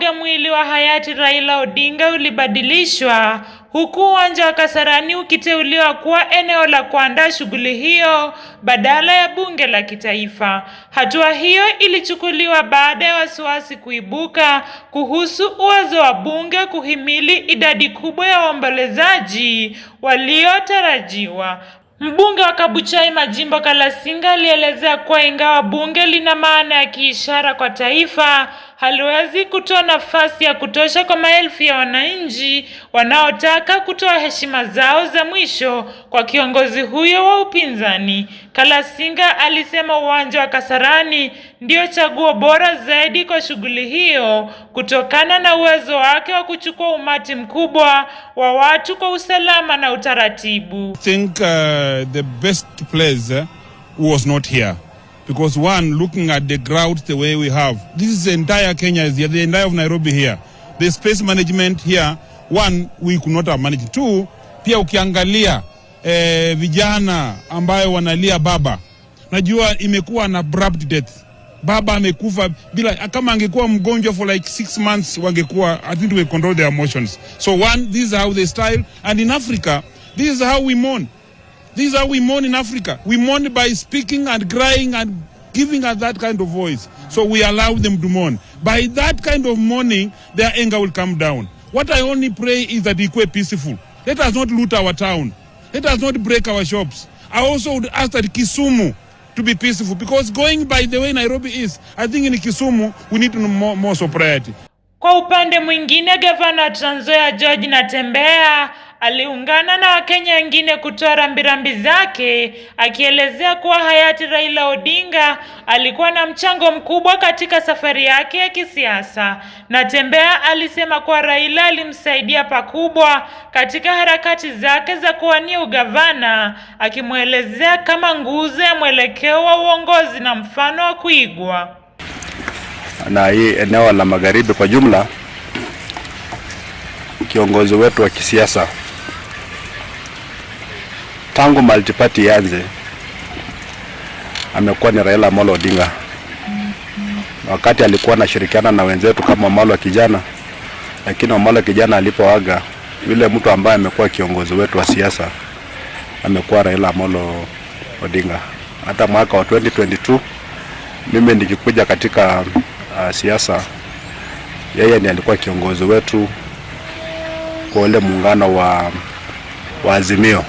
Mwaga mwili wa hayati Raila Odinga ulibadilishwa huku uwanja wa Kasarani ukiteuliwa kuwa eneo la kuandaa shughuli hiyo badala ya bunge la kitaifa. Hatua hiyo ilichukuliwa baada ya wasiwasi kuibuka kuhusu uwezo wa bunge kuhimili idadi kubwa ya waombolezaji waliotarajiwa. Mbunge wa Kabuchai Majimbo Kalasinga alielezea kuwa ingawa bunge lina maana ya kiishara kwa taifa haliwezi kutoa nafasi ya kutosha kwa maelfu ya wananchi wanaotaka kutoa heshima zao za mwisho kwa kiongozi huyo wa upinzani. Kalasinga alisema uwanja wa Kasarani ndio chaguo bora zaidi kwa shughuli hiyo kutokana na uwezo wake wa kuchukua umati mkubwa wa watu kwa usalama na utaratibu. I think, uh, the best place uh, was not here because one, looking at the ground the way we have, this is the entire Kenya, is the entire of Nairobi here. The space management here, one, we could not have managed. Two, pia ukiangalia eh, vijana ambayo wanalia baba, najua imekuwa na abrupt death baba amekufa bila, kama angekuwa mgonjwa for like six months wangekuwa, I think we control their emotions. So one, this is how they style, and in Africa, this is how we mourn. This is how we mourn in Africa. We mourn by speaking and crying and giving us that kind of voice. So we allow them to mourn. By that kind of mourning, their anger will come down. What I only pray is that Ikwe peaceful. Let us not loot our town. Let us not break our shops. I also would ask that Kisumu to be peaceful because going by the way Nairobi is, I think in Kisumu we need to more, more sobriety. Kwa upande mwingine, Gavana Trans Nzoia George Natembeya aliungana na Wakenya wengine kutoa rambirambi zake akielezea kuwa hayati Raila Odinga alikuwa na mchango mkubwa katika safari yake ya kisiasa. Natembeya alisema kuwa Raila alimsaidia pakubwa katika harakati zake za kuwania ugavana, akimwelezea kama nguzo ya mwelekeo wa uongozi na mfano wa kuigwa. Na hii eneo la magharibi kwa jumla, kiongozi wetu wa kisiasa tangu multiparty yanze amekuwa ni Raila Amolo Odinga. Wakati alikuwa anashirikiana na wenzetu kama Amolo kijana, lakini Amolo kijana alipoaga, yule mtu ambaye amekuwa kiongozi wetu wa siasa amekuwa Raila Amolo Odinga. Hata mwaka wa 2022 mimi nikikuja katika uh, siasa, yeye ndiye alikuwa kiongozi wetu kwa ule muungano wa, wa Azimio.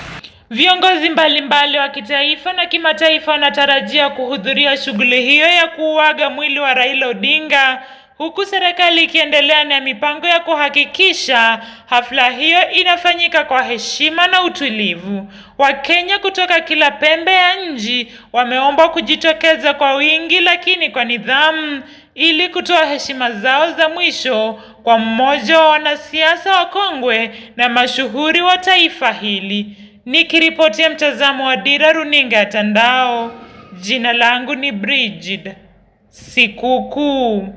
Viongozi mbalimbali wa kitaifa na kimataifa wanatarajia kuhudhuria shughuli hiyo ya kuuaga mwili wa Raila Odinga huku serikali ikiendelea na mipango ya kuhakikisha hafla hiyo inafanyika kwa heshima na utulivu. Wakenya kutoka kila pembe ya nchi wameombwa kujitokeza kwa wingi, lakini kwa nidhamu, ili kutoa heshima zao za mwisho kwa mmoja wa wanasiasa wakongwe na mashuhuri wa taifa hili nikiripotia mtazamo wa Dira Runinga ya Tandao. Jina langu ni Brigid Sikukuu.